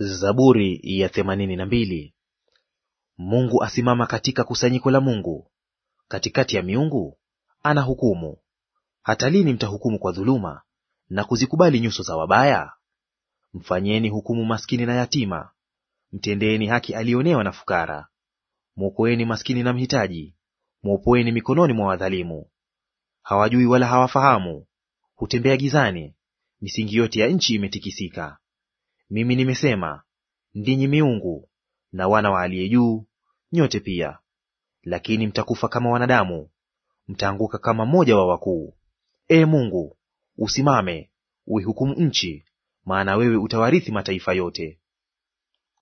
Zaburi ya themanini na mbili. Mungu asimama katika kusanyiko la Mungu, katikati ya miungu ana hukumu Hata lini mtahukumu kwa dhuluma na kuzikubali nyuso za wabaya? Mfanyeni hukumu maskini na yatima, mtendeeni haki alionewa na fukara. Mwokoeni maskini na mhitaji, mwopoeni mikononi mwa wadhalimu. Hawajui wala hawafahamu, hutembea gizani, misingi yote ya nchi imetikisika. Mimi nimesema, ndinyi miungu na wana wa aliye juu nyote pia, lakini mtakufa kama wanadamu, mtaanguka kama mmoja wa wakuu. e Mungu, usimame uihukumu nchi, maana wewe utawarithi mataifa yote.